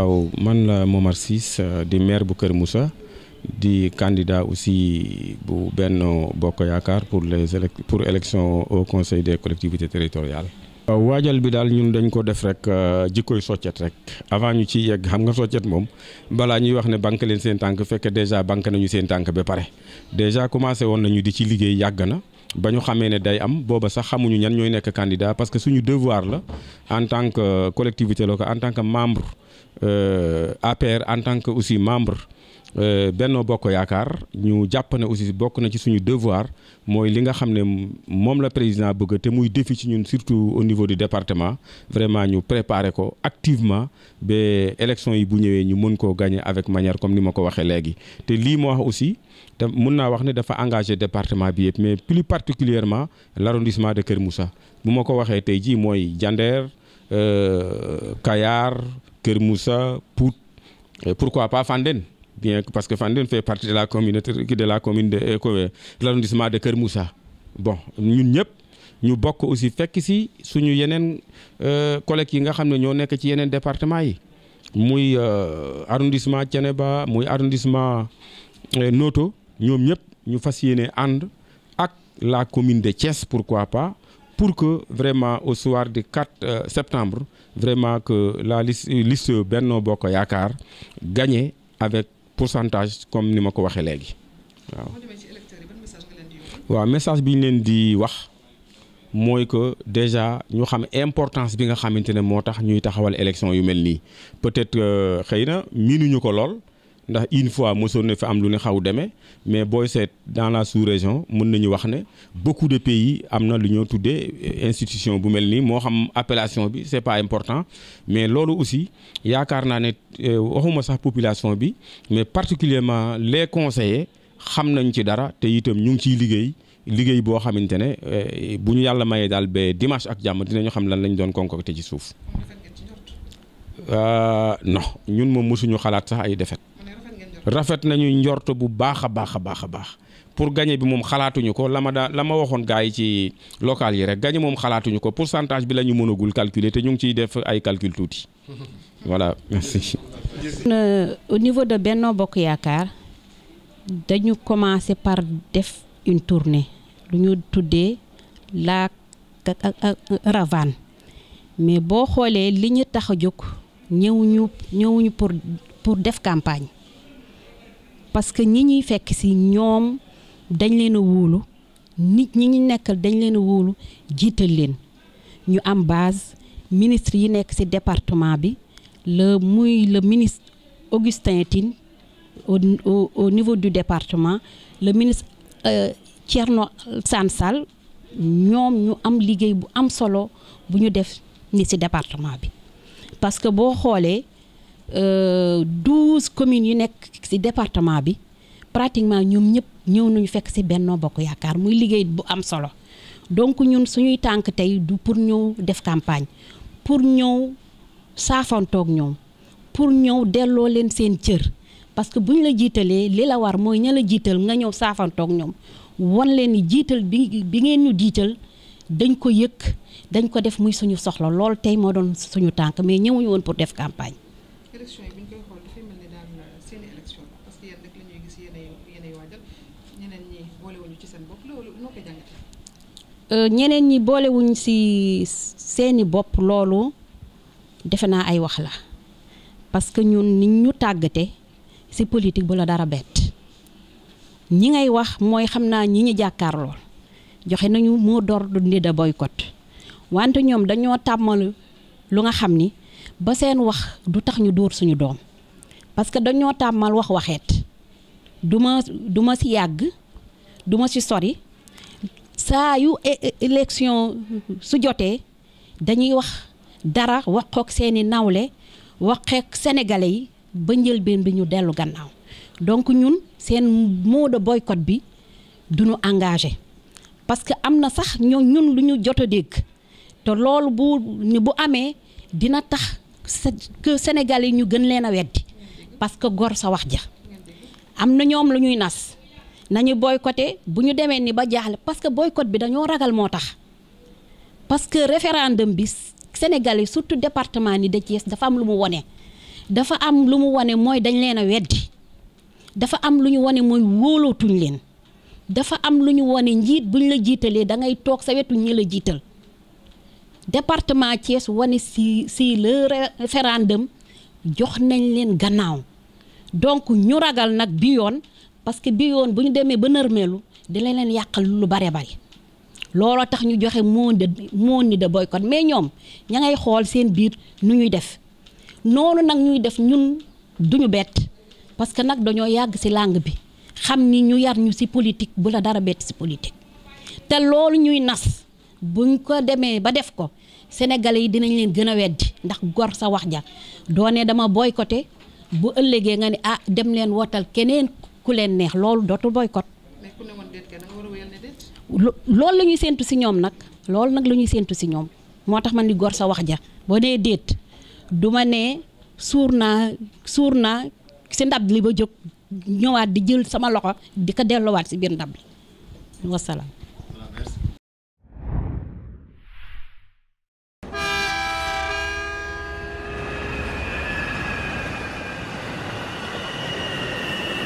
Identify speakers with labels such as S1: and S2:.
S1: waaw man la Momar Ciss euh, di maire bu Kër Moussa di candidat aussi bu Benno Bokk Yaakaar pour les élec pour élection au conseil des collectivités territoriales. waajal bi daal ñun dañ ko def rek euh, jikkoy soccet rek avant ñu ci yegg xam nga soccet moom balaa ñuy wax ne banque leen seen tànk fekk déjà banque nañu seen tànk ba pare déjà commencé woon nañu di ci liggéey yàgg na. ba ñu xamee ne day am booba sax xamuñu ñan ñooy nekk candidat parce que suñu devoir la en tant que collectivité locale en tant que membre euh, APR en tant que aussi membre Euh, Benno Bokk Yaakaar ñu jàpp ne aussi bokk na ci suñu devoir mooy li nga xam ne moom la président bëgg te muy défi ci ñun surtout au niveau de département vraiment ñu préparer ko activement ba élection yi bu ñëwee ñu mën koo gagner avec manière comme ni ma ko waxee léegi. te lii moo wax aussi te mën naa wax ne dafa engagé département bi yëpp mais plus particulièrement l'arrondissement de Kër Moussa bu ma ko waxee tey jii mooy Diender euh, Kayar Kër musa Pout pourquoi pas bien parce que Fandène fait partie de la communauté de la commune de l' arrondissement de Kër Moussa bon ñun ñëpp ñu bokk aussi fekk si suñu yeneen euh, collègues yi nga xam ne ñoo nekk ci yeneen département yi muy euh, arrondissement Thiénaba muy arrondissement euh, Noto ñoom ñëpp ñu fas yéene ànd ak la commune de Thiès pourquoi pas pour que vraiment au soir de 4 septembre vraiment que la liste liste Benno Bokk Yaakaar gagne avec pourcentage comme ni ma ko waxee léegi waaw. message bi ñu leen di wax mooy que déjà ñu xam importance bi nga xamante ne moo tax ñuy taxawal élection yu mel nii peut-être euh, xëy na miinuñu ko lool. ndax une fois mosoon na fi am lu ne xaw demee mais booy seet dans la sous-région mën nañu wax ne beaucoup de pays am na lu ñoo tuddee euh, institution bu mel nii moo xam appellation bi c'est pas important mais loolu aussi yaakaar naa ne euh, waxuma sax population bi mais particulièrement les conseillers xam nañ ci dara te itam ñu ngi ciy liggéey liggéey boo xamante ne euh, bu ñu yàlla mayee daal ba dimanche ak jàmm dinañu xam lan lañ doon concocté ci suuf non ñun moom mosuñu xalaat sax ay défaite rafet nañu njort bu baax a baax a baax a baax pour gagné bi moom xalaatuñu ko la ma daa la ma waxoon gars yi ci local yi rek gagné moom xalaatuñu ko pour pourcentage bi la ñu mënagul calculer te ñu ngi ciy def ay calcul tuuti voilà merci.
S2: Euh, au niveau de Benno Bokk Yaakaar dañu commencer par def une tournée luñu tuddee laa ravane mais boo xoolee li ñu tax a jóg ñëwuñu ñëwuñu pour pour def campagne. parce que ñi ñuy fekk si ñoom dañ leen a wóolu nit ñi ñu nekkal dañ leen a wóolu jiital leen ñu am base ministre yi nekk si département bi le muy le ministre Augustin Tine au, au, niveau du département le ministre euh, Thierno Sansal ñoom ñu am liggéey bu am solo bu ñu def ni si département bi parce que boo xoolee douze communes yu nekk ci département bi pratiquement ñoom ñëpp ñëw nañu fekk ci Benno Bokk Yaakaar muy liggéey bu am solo donc ñun suñuy tànk tey du pour ñëw def campagne pour ñëw saafantoog ñoom pour ñëw delloo leen seen cër parce que bu ñu la jiitalee li la war mooy ña la jiital nga ñëw saafantoog ñoom wan leen ni jiital bi bi ngeen ñu jiital dañ ko yëkk dañ ko def muy suñu soxla lool tey moo doon suñu tànk mais ñëwuñu woon pour def campagne Euh, ñeneen ñi boolewuñ ci seeni bopp loolu defe naa ay wax la parce que ñun ni ñu tàggate ci politique bu la dara bett ñi ngay wax mooy xam naa ñi ñu jàkkaar lool joxe nañu moo door du ni da boycott wante ñoom dañoo tàmmal lu nga xam ni ba seen wax du tax ñu dóor suñu doom parce que dañoo tàmmal wax waxet duma duma ci yàgg duma ma ci sori saa yu e, e, élection su jotee dañuy wax dara waxook seeni nawle waxeek sénégalais yi ba njëlbeen bi ñu dellu gannaaw donc ñun seen mot boykot bi du ñu engagé parce que am na sax ñu ñun lu ñu jot a dégg te loolu bu bu amee dina tax que yi ñu gën leen a weddi parce que gor sa wax ja am na ñoom lu nas nañu boycotté bu ñu demee ni ba jaaxle parce que boycott bi dañoo ragal moo tax parce que référendum bi Sénégalais surtout département ni de Thiès dafa am lu mu wone dafa am lu mu wone mooy dañ leen a weddi dafa am lu ñu wone mooy wóolootuñ leen dafa am lu ñu wone njiit bu buñ la jiitalee dangay toog sa wetu la jiital département Thiès wane si si le référendum jox nañ leen gannaaw donc ñu ragal nag bi yoon parce que bi yoon bu ñu demee ba nërmeelu dina leen yàqal lu bare bari looloo tax ñu joxe moo de ni de boycott mais ñoom ña ngay xool seen biir nu ñuy def noonu nag ñuy def ñun duñu bett parce que nag dañoo yàgg ci làng bi xam ni ñu yar ñu ci politique bu la dara bett ci politique te loolu ñuy nas buñ ko demee ba def ko sénégalais yi dinañ leen gën a weddi ndax gor sa wax ja doone dama boycotté bu ëllëgee nga ni ah dem leen wootal keneen ku leen neex loolu dootu boycott. loolu la ñuy séntu si ñoom nag loolu nag la ñuy séntu si ñoom moo tax man di gor sa wax ja boo nee déet du ma nee suur naa suur naa si ndab li ba jóg ñëwaat di jël sama loxo di ko delluwaat si biir ndab li wasalaam.